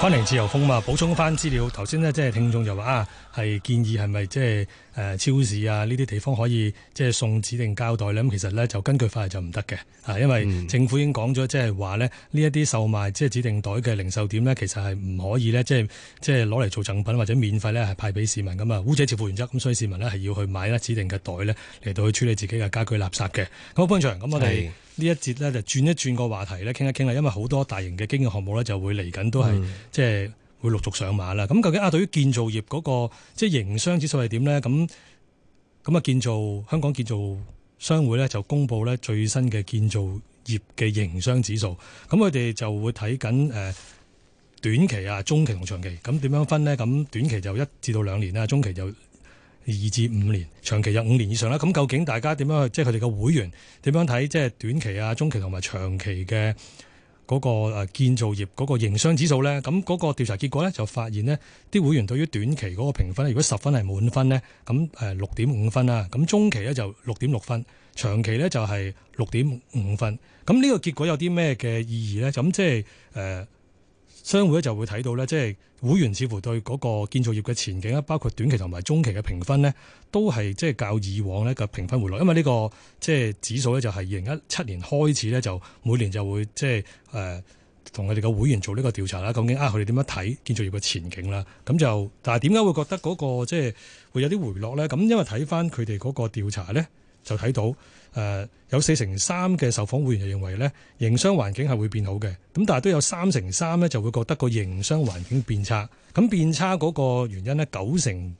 歡迎自由風嘛，補充翻資料。頭先呢，即係聽眾就話啊，係建議係咪即係誒超市啊呢啲地方可以即係送指定膠袋呢？咁其實呢，就根據法例就唔得嘅，因為政府已經講咗即係話呢，呢一啲售賣即係指定袋嘅零售點呢，其實係唔可以呢，即係即係攞嚟做贈品或者免費呢，係派俾市民噶嘛。污者自付原則，咁所以市民呢，係要去買咧指定嘅袋呢，嚟到去處理自己嘅家居垃圾嘅。咁潘長，咁我哋。呢一節咧就轉一轉個話題咧，傾一傾啦，因為好多大型嘅基建項目咧就會嚟緊，都係、嗯、即係會陸續上馬啦。咁究竟啊，對於建造業嗰個即係營商指數係點咧？咁咁啊，建造香港建造商會咧就公布咧最新嘅建造業嘅營商指數。咁佢哋就會睇緊誒短期啊、中期同長期。咁點樣分呢？咁短期就一至到兩年啦，中期就。二至五年，長期有五年以上啦。咁究竟大家點樣？即係佢哋個會員點樣睇？即係短期啊、中期同埋長期嘅嗰個建造業嗰個營商指數呢？咁嗰個調查結果呢，就發現呢啲會員對於短期嗰個評分咧，如果十分係滿分呢，咁誒六點五分啦。咁中期呢，就六點六分，長期呢，就係六點五分。咁呢個結果有啲咩嘅意義呢？咁即係誒。呃商會咧就會睇到咧，即係會員似乎對嗰個建造業嘅前景，包括短期同埋中期嘅評分呢，都係即係較以往呢嘅評分回落。因為呢個即係指數咧就係二零一七年開始咧，就每年就會即係誒同佢哋嘅會員做呢個調查啦。究竟啊佢哋點樣睇建造業嘅前景啦？咁就但係點解會覺得嗰個即係會有啲回落呢？咁因為睇翻佢哋嗰個調查呢。就睇到誒有四成三嘅受訪會員就認為咧營商環境係會變好嘅，咁但係都有三成三咧就會覺得個營商環境變差。咁變差嗰個原因呢，九成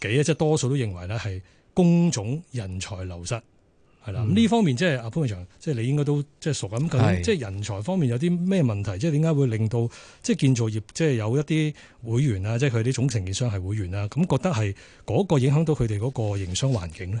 幾即係多數都認為咧係工種人才流失係啦。咁呢、嗯、方面即係阿潘偉祥，即係、嗯、你應該都即係熟咁，咁即係人才方面有啲咩問題？即係點解會令到即係建造業即係有一啲會員啊，即係佢啲總承建商係會員啦，咁覺得係嗰個影響到佢哋嗰個營商環境呢？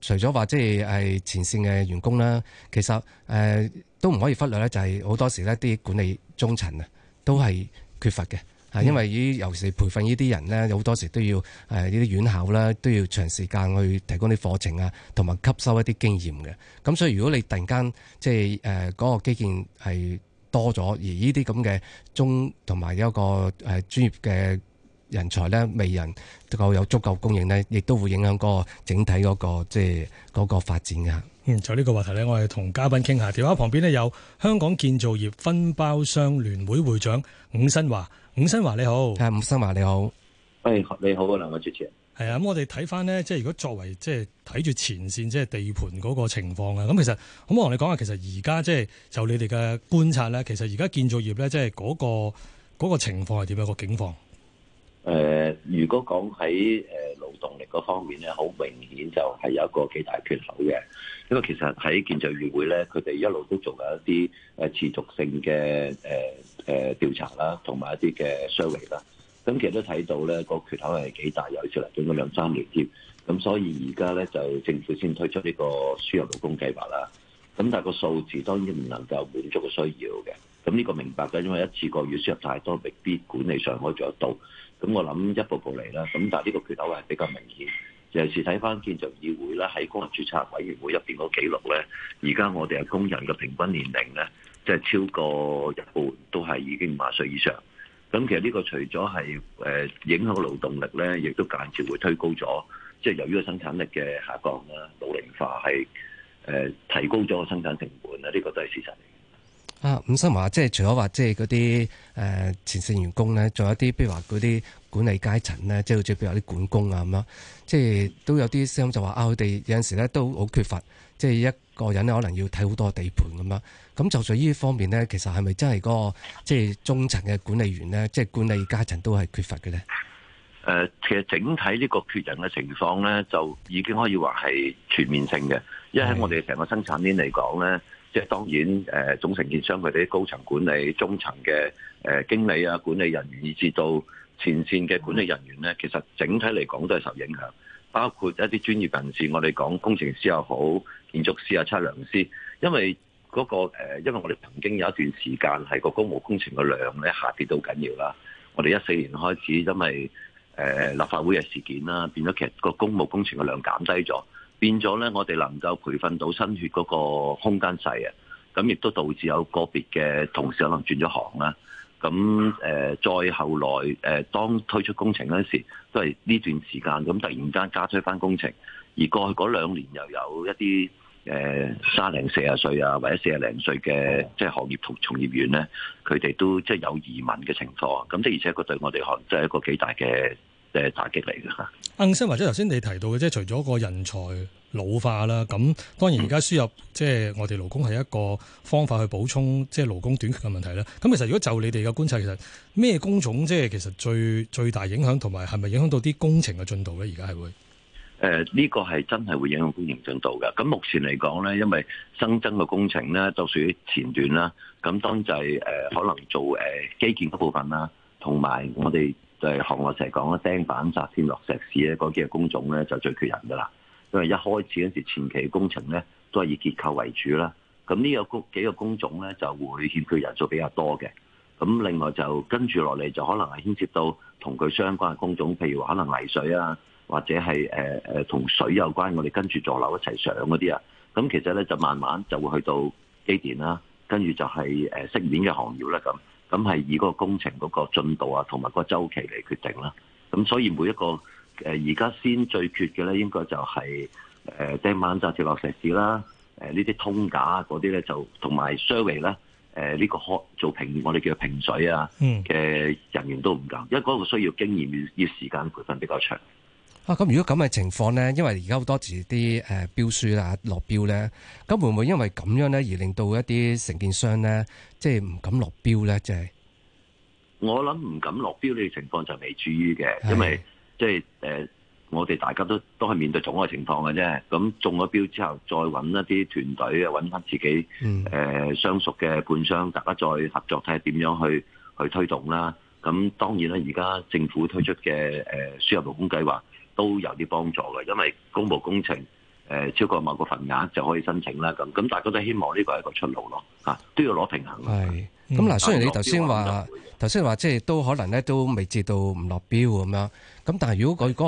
除咗話即係係前線嘅員工啦，其實誒都唔可以忽略咧，就係好多時咧啲管理中層啊，都係缺乏嘅，嗯、因為呢尤其是培訓呢啲人咧，好多時都要誒呢啲院校啦，都要長時間去提供啲課程啊，同埋吸收一啲經驗嘅。咁所以如果你突然間即係誒嗰個基建係多咗，而呢啲咁嘅中同埋一個誒專業嘅。人才咧，未能夠有足夠供應呢，亦都會影響嗰個整體嗰個即係嗰個發展嘅。嗯，就呢個話題咧，我哋同嘉賓傾下。電話旁邊呢，有香港建造業分包商聯會會長伍新華。伍新華你好，係伍新華你好。喂、哎、你好啊，兩個主持人。係啊，咁我哋睇翻呢，即係如果作為即係睇住前線，即係地盤嗰個情況啊。咁其實，咁我同你講下，其實而家即係就你哋嘅觀察咧，其實而家建造業咧，即係嗰個嗰個情況係點樣個景況？誒，如果講喺誒勞動力嗰方面咧，好明顯就係有一個幾大缺口嘅。因為其實喺建造業議會咧，佢哋一路都做緊一啲誒持續性嘅誒誒調查啦，同埋一啲嘅 survey 啦。咁其實都睇到咧，個缺口係幾大，來有少少嚟緊咗兩三年添。咁所以而家咧就政府先推出呢個輸入勞工計劃啦。咁但係個數字當然唔能夠滿足個需要嘅。咁、這、呢個明白嘅，因為一次過輸入太多，未必，必管理上可以做得到。咁我諗一步步嚟啦，咁但呢個缺口係比較明顯，尤其是睇翻建造議會啦，喺工人註冊委員會入面嗰記錄咧，而家我哋嘅工人嘅平均年齡咧，即係超過一半都係已經五十歲以上。咁其實呢個除咗係誒影響勞動力咧，亦都間接會推高咗，即係由於個生產力嘅下降啦、老齡化係誒提高咗個生產成本呢。呢個都係事實。啊，伍新華話即係除咗話即係嗰啲誒前線員工咧，仲有啲譬如話嗰啲管理階層咧，即係好似譬如話啲管工啊咁樣，即係都有啲聲就話啊，佢哋有陣時咧都好缺乏，即係一個人咧可能要睇好多地盤咁樣。咁就在呢方面咧，其實係咪真係嗰個即係中層嘅管理員咧，即係管理階層都係缺乏嘅咧？誒、呃，其實整體呢個缺人嘅情況咧，就已經可以話係全面性嘅，因為喺我哋成個生產鏈嚟講咧。即係當然，誒總承建商佢哋啲高層管理、中層嘅誒經理啊、管理人員，以至到前線嘅管理人員咧，其實整體嚟講都係受影響。包括一啲專業人士，我哋講工程師又好、建築師啊、測量師，因為嗰個誒，因為我哋曾經有一段時間係個公務工程嘅量咧下跌到緊要啦。我哋一四年開始，因為誒立法會嘅事件啦，變咗其實個公務工程嘅量減低咗。變咗咧，我哋能夠培訓到新血嗰個空間細啊，咁亦都導致有個別嘅同事可能轉咗行啦、啊。咁、啊、再後來、啊、當推出工程嗰陣時，都係呢段時間咁、啊，突然間加推翻工程，而過去嗰兩年又有一啲誒三零四啊歲啊，或者四啊零歲嘅即係行業同從業員咧，佢哋都即係有移民嘅情況。咁即係而且，佢對我哋行即係一個幾大嘅。誒，打擊嚟嘅吓。Anderson 或者頭先你提到嘅，即係除咗個人才老化啦，咁當然而家輸入即係、就是、我哋勞工係一個方法去補充，即係勞工短缺嘅問題啦。咁其實如果就你哋嘅觀察，其實咩工種即係其實最最大影響，同埋係咪影響到啲工程嘅進度咧？而家係會誒、呢，這個係真係會影響工程進度嘅。咁目前嚟講咧，因為新增嘅工程咧就屬於前段啦，咁當然就係、是、誒、呃、可能做誒、呃、基建嗰部分啦，同埋我哋。就係像我成日講啦，釘板線、紮鐵、落石屎咧，嗰幾個工種咧就最缺人噶啦。因為一開始嗰時前期工程咧都係以結構為主啦，咁呢個幾幾個工種咧就會欠缺人數比較多嘅。咁另外就跟住落嚟就可能係牽涉到同佢相關嘅工種，譬如話可能泥水啊，或者係誒同水有關，我哋跟住座樓一齊上嗰啲啊。咁其實咧就慢慢就會去到機電啦，跟住就係誒飾面嘅行業啦、啊、咁。咁係以嗰個工程嗰個進度啊，同埋個周期嚟決定啦。咁所以每一個誒而家先最缺嘅咧，應該就係誒即晚、呃、就紮鐵落石屎啦。誒呢啲通架嗰啲咧，就同埋 survey 呢個開做平，我哋叫平水啊。嘅人員都唔夠，因為嗰個需要經驗，要、這、要、個、時間培訓比較長。啊，咁如果咁嘅情況咧，因為而家好多時啲誒標書呀落標咧，咁會唔會因為咁樣咧而令到一啲承建商咧，即係唔敢落標咧？即係我諗唔敢落標呢個情況就未至於嘅，因為是即係誒、呃，我哋大家都都係面對同一個情況嘅啫。咁中咗標之後再找，再揾一啲團隊，揾翻自己誒相熟嘅判商，大家再合作睇下點樣去去推動啦。咁當然啦，而家政府推出嘅誒輸入勞工計劃。都有啲幫助嘅，因為公務工程誒超過某個份額就可以申請啦。咁咁大家都希望呢個係一個出路咯。嚇都要攞平衡。係。咁嗱，雖然你頭先話頭先話，即係都可能咧，都未至到唔落標咁樣。咁但係如果佢嗰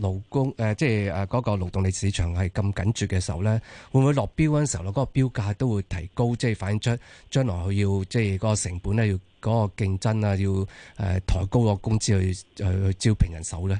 個勞工誒，即係啊嗰個勞動力市場係咁緊絀嘅時候咧，會唔會落標嗰陣時候咧，嗰個標價都會提高，即係反映出將來佢要即係嗰個成本咧，要嗰個競爭啊，要誒抬高個工資去去招聘人手咧？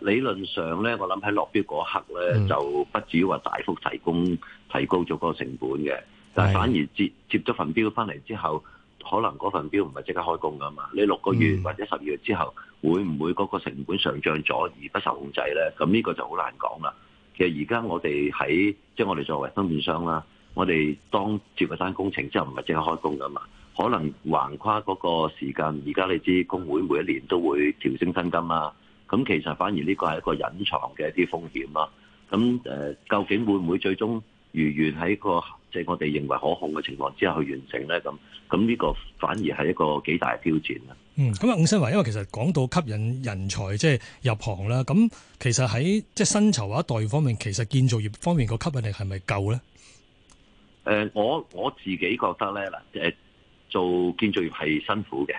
理論上咧，我諗喺落標嗰刻咧，嗯、就不至於話大幅提供提高咗嗰個成本嘅。但係反而接接咗份標翻嚟之後，可能嗰份標唔係即刻開工噶嘛。你六個月或者十二月之後，會唔會嗰個成本上漲咗而不受控制咧？咁呢個就好難講啦。其實而家我哋喺即係我哋作為分包商啦，我哋當接咗單工程之後，唔係即刻開工噶嘛。可能橫跨嗰個時間，而家你知工會每一年都會調升薪金啦。咁其實反而呢個係一個隱藏嘅一啲風險啦。咁誒，究竟會唔會最終如願喺個即係我哋認為可控嘅情況之下去完成咧？咁咁呢個反而係一個幾大嘅挑戰啦。嗯，嗯，咁啊伍新華，因為其實講到吸引人才即係入行啦，咁其實喺即係薪酬或者待遇方面，其實建造業方面個吸引力係咪夠咧？誒，我我自己覺得咧嗱，誒做建造業係辛苦嘅。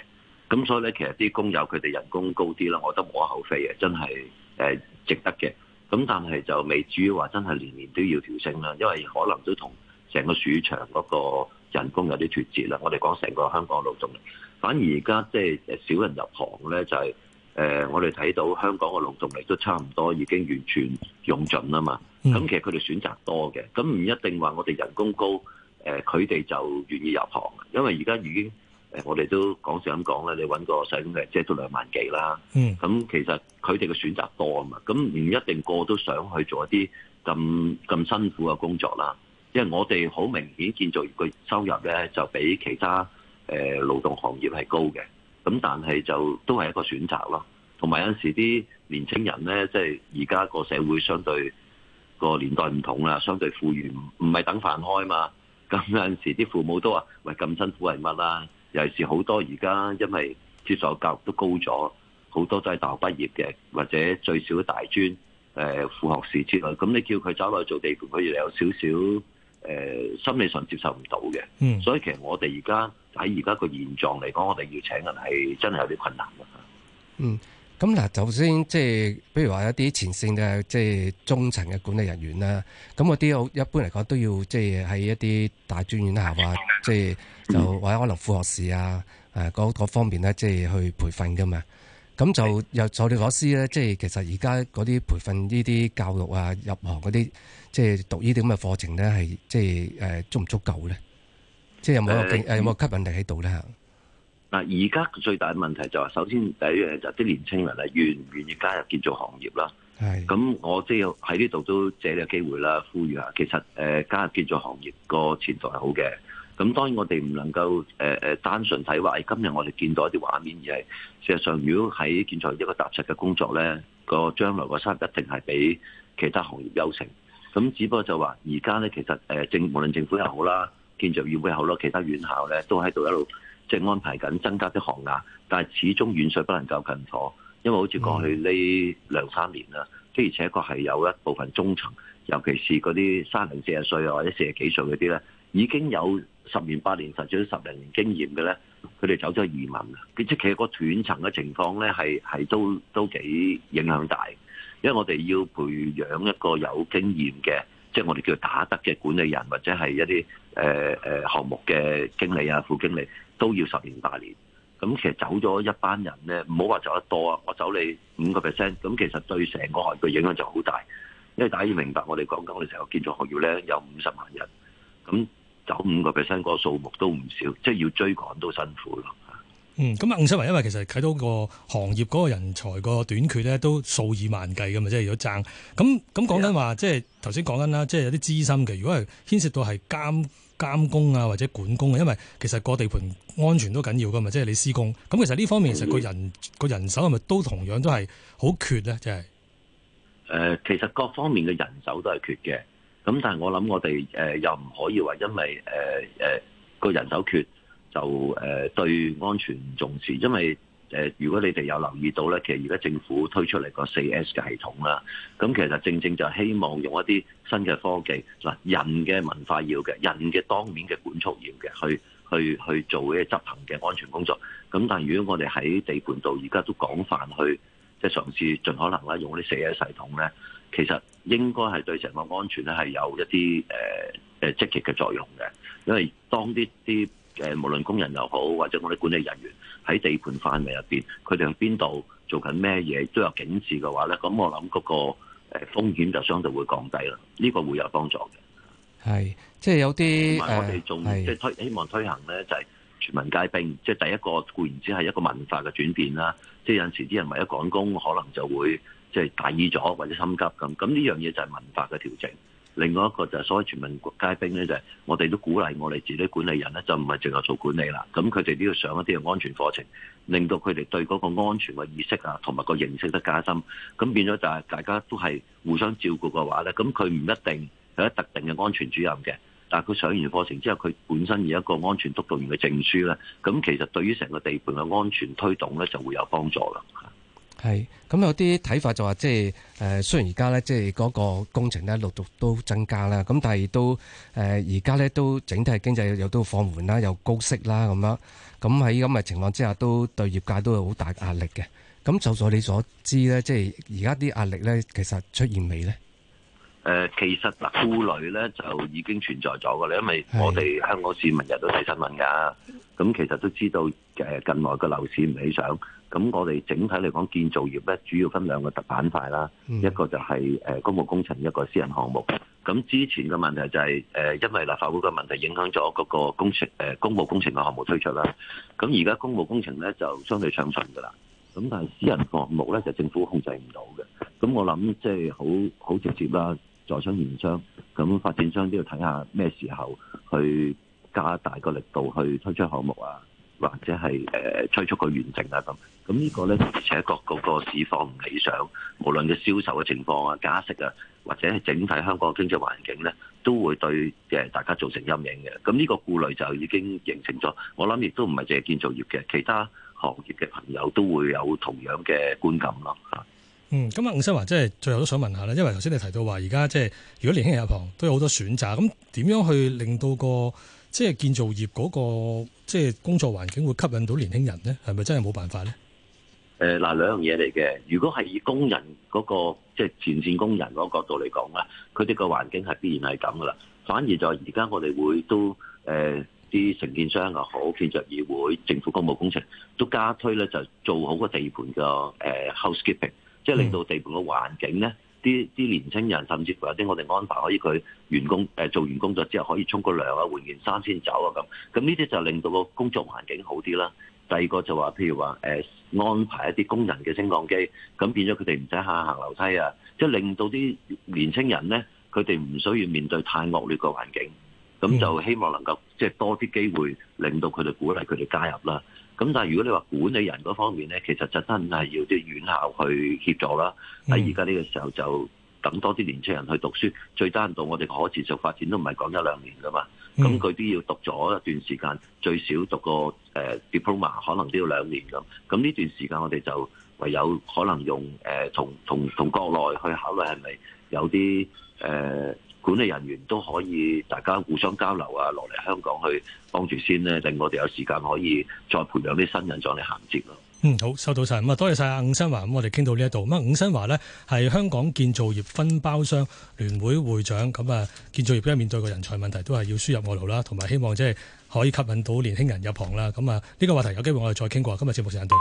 咁所以咧，其實啲工友佢哋人工高啲啦，我覺得無可厚非嘅，真係誒值得嘅。咁但係就未至於話真係年年都要調升啦，因為可能都同成個市場嗰個人工有啲脫節啦。我哋講成個香港勞動力，反而而家即係少人入行咧，就係、是、誒、呃、我哋睇到香港嘅勞動力都差唔多已經完全用盡啦嘛。咁其實佢哋選擇多嘅，咁唔一定話我哋人工高，佢、呃、哋就願意入行，因為而家已經。誒，我哋都講想講咧，你揾個細工嘅，即係都兩萬幾啦。咁其實佢哋嘅選擇多啊嘛，咁唔一定個都想去做一啲咁咁辛苦嘅工作啦。因為我哋好明顯建造業嘅收入咧，就比其他誒勞動行業係高嘅。咁但係就都係一個選擇咯。同埋有陣時啲年青人咧，即係而家個社會相對個年代唔同啦，相對富裕唔唔係等飯開嘛。咁有陣時啲父母都話：喂，咁辛苦係乜啦？尤其是好多而家，因為接受教育都高咗，好多都係大學畢業嘅，或者最少大專，誒、呃、副學士之類。咁你叫佢走落去做地盤，佢有少少誒、呃、心理上接受唔到嘅。嗯、所以其實我哋而家喺而家個現狀嚟講，我哋要請人係真係有啲困難嘅，嗯。咁嗱，頭先即係，比如話一啲前線嘅即係中層嘅管理人員啦，咁嗰啲一般嚟講都要即係喺一啲大專院校啊，即係就或者可能副學士啊，誒嗰嗰方面咧，即係去培訓㗎嘛。咁就 又我哋所思咧，即係其實而家嗰啲培訓呢啲教育啊，入行嗰啲、即係啊、 即係讀呢啲咁嘅課程咧，係即係誒足唔足夠咧？即係有冇一個有冇吸引力喺度咧？嗱，而家最大嘅問題就係，首先第一樣就係啲年青人咧願唔願意加入建造行業啦。係，咁我即係喺呢度都借呢個機會啦，呼籲下其實誒加入建造行業個前途係好嘅。咁當然我哋唔能夠誒誒單純睇話，今日我哋見到一啲畫面，而係事實上，如果喺建材一個踏實嘅工作咧，個將來個收入一定係比其他行業優勝。咁只不過就話而家咧，其實誒政無論政府又好啦，建造業好啦，其他院校咧都喺度一路。即係安排緊增加啲學額，但係始終遠水不能救近火，因為好似過去呢兩三年啦，的而且確係有一部分中層，尤其是嗰啲三零四十歲或者四十幾歲嗰啲咧，已經有十年八年甚至十零年，年經驗嘅咧，佢哋走咗移民啦。即其實個斷層嘅情況咧，係都都幾影響大，因為我哋要培養一個有經驗嘅，即、就是、我哋叫打得嘅管理人，或者係一啲誒誒項目嘅經理啊、副經理。都要十年八年，咁其實走咗一班人咧，唔好話走得多啊，我走你五個 percent，咁其實對成個行業影響就好大，因為大家要明白我哋講緊我哋成個建築行業咧，有五十萬人，咁走五個 percent 個數目都唔少，即係要追趕都辛苦咯。嗯，咁、嗯、啊，伍新華，因為其實睇到個行業嗰個人才個短缺咧，都數以萬計噶嘛。即係如果爭咁，咁講緊話，即係頭先講緊啦，即係有啲資深嘅，如果係牽涉到係監監工啊或者管工啊，因為其實個地盤安全都緊要噶嘛，即係你施工咁，其實呢方面其實個人個、嗯、人手係咪都同樣都係好缺咧，即係誒、呃，其實各方面嘅人手都係缺嘅，咁但係我諗我哋誒、呃、又唔可以話因為誒誒、呃呃、個人手缺。就誒對安全重視，因為誒如果你哋有留意到咧，其實而家政府推出嚟個四 S 嘅系統啦，咁其實正正就希望用一啲新嘅科技，嗱，人嘅文化要嘅，人嘅當面嘅管束要嘅，去去去做一啲執行嘅安全工作。咁但係如果我哋喺地盤度而家都廣泛去即係、就是、嘗試盡可能啦，用啲四 S 系統咧，其實應該係對成個安全咧係有一啲誒誒積極嘅作用嘅，因為當啲啲。嘅無論工人又好，或者我啲管理人員喺地盤範圍入邊，佢哋喺邊度做緊咩嘢，都有警示嘅話咧，咁我諗嗰個誒風險就相對會降低啦，呢個會有幫助嘅。係，即係有啲，我哋仲即係推希望推行咧，就係全民皆兵，即係第一個固然之係一個文化嘅轉變啦。即係有陣時啲人為咗趕工，可能就會即係大意咗或者心急咁。咁呢樣嘢就係文化嘅調整。另外一個就係所謂全民皆兵咧，就係我哋都鼓勵我哋自己管理人咧，就唔係淨係做管理啦。咁佢哋都要上一啲嘅安全課程，令到佢哋對嗰個安全嘅意識啊，同埋個認識得加深。咁變咗就係大家都係互相照顧嘅話咧，咁佢唔一定係一特定嘅安全主任嘅，但係佢上完課程之後，佢本身有一個安全督導員嘅證書咧。咁其實對於成個地盤嘅安全推動咧，就會有幫助啦。係，咁有啲睇法就話，即係誒，雖然而家咧，即係嗰個工程咧陸續都增加啦，咁但係都誒而家咧都整體經濟有都放緩啦，又高息啦，咁樣，咁喺咁嘅情況之下都，都對業界都有好大壓力嘅。咁就在你所知咧，即係而家啲壓力咧，其實出現未咧？誒、呃，其實嗱，顧慮咧就已經存在咗噶啦，因為我哋香港市民日日都睇新聞噶。咁其實都知道近來嘅樓市唔理想，咁我哋整體嚟講，建造業咧主要分兩個特板塊啦，嗯、一個就係公務工程，一個私人項目。咁之前嘅問題就係因為立法會嘅問題影響咗嗰個工程公務工程嘅項目推出啦。咁而家公務工程咧就相對暢順噶啦，咁但係私人項目咧就政府控制唔到嘅。咁我諗即係好好直接啦，在商言商，咁發展商都要睇下咩時候去。加大個力度去推出項目啊，或者係誒、呃、催促佢完成啊，咁咁呢個呢，而且各個個市況唔理想，無論嘅銷售嘅情況啊、加息啊，或者係整體香港經濟環境呢，都會對誒大家造成陰影嘅。咁呢個顧慮就已經形成咗。我諗亦都唔係淨係建造業嘅，其他行業嘅朋友都會有同樣嘅觀感咯。嚇、嗯，嗯，咁、嗯、啊，伍新華，即係最後都想問下啦，因為頭先你提到話，而家即係如果年輕人入行都有好多選擇，咁點樣去令到個？即係建造業嗰個即係工作環境會吸引到年輕人咧，係咪真係冇辦法咧？誒嗱、呃、兩樣嘢嚟嘅。如果係以工人嗰、那個即係、就是、前線工人嗰個角度嚟講咧，佢哋個環境係必然係咁噶啦。反而就而家我哋會都誒啲承建商又好，建造業議會政府公務工程都加推咧，就做好個地盤嘅誒、呃、housekeeping，即係、嗯、令到地盤嘅環境咧。啲啲年青人，甚至乎有啲我哋安排可以佢員工誒做完工作之後可以沖個涼啊，換完衫先走啊咁，咁呢啲就令到個工作環境好啲啦。第二個就話譬如話誒安排一啲工人嘅升降機，咁變咗佢哋唔使下下行樓梯啊，即係令到啲年青人咧，佢哋唔需要面對太惡劣嘅環境，咁就希望能夠即係多啲機會，令到佢哋鼓勵佢哋加入啦。咁但如果你話管理人嗰方面咧，其實就真係要啲院校去協助啦。喺而家呢個時候就等多啲年輕人去讀書，最低限度我哋可持續發展都唔係講一兩年㗎嘛。咁佢、嗯、都要讀咗一段時間，最少讀個、uh, diploma，可能都要兩年咁。咁呢段時間我哋就唯有可能用誒，從、uh, 同同，同國內去考慮係咪有啲誒。Uh, 管理人員都可以大家互相交流啊，落嚟香港去幫住先呢。令我哋有時間可以再培養啲新人將嚟銜接咯。嗯，好，收到晒。咁啊，多謝晒阿伍新華。咁我哋傾到呢一度，咁啊，伍新華呢係香港建造業分包商聯會會,會長，咁啊，建造業而家面對個人才問題都係要輸入外勞啦，同埋希望即係可以吸引到年輕人入行啦。咁啊，呢個話題有機會我哋再傾過。今日節目時間到。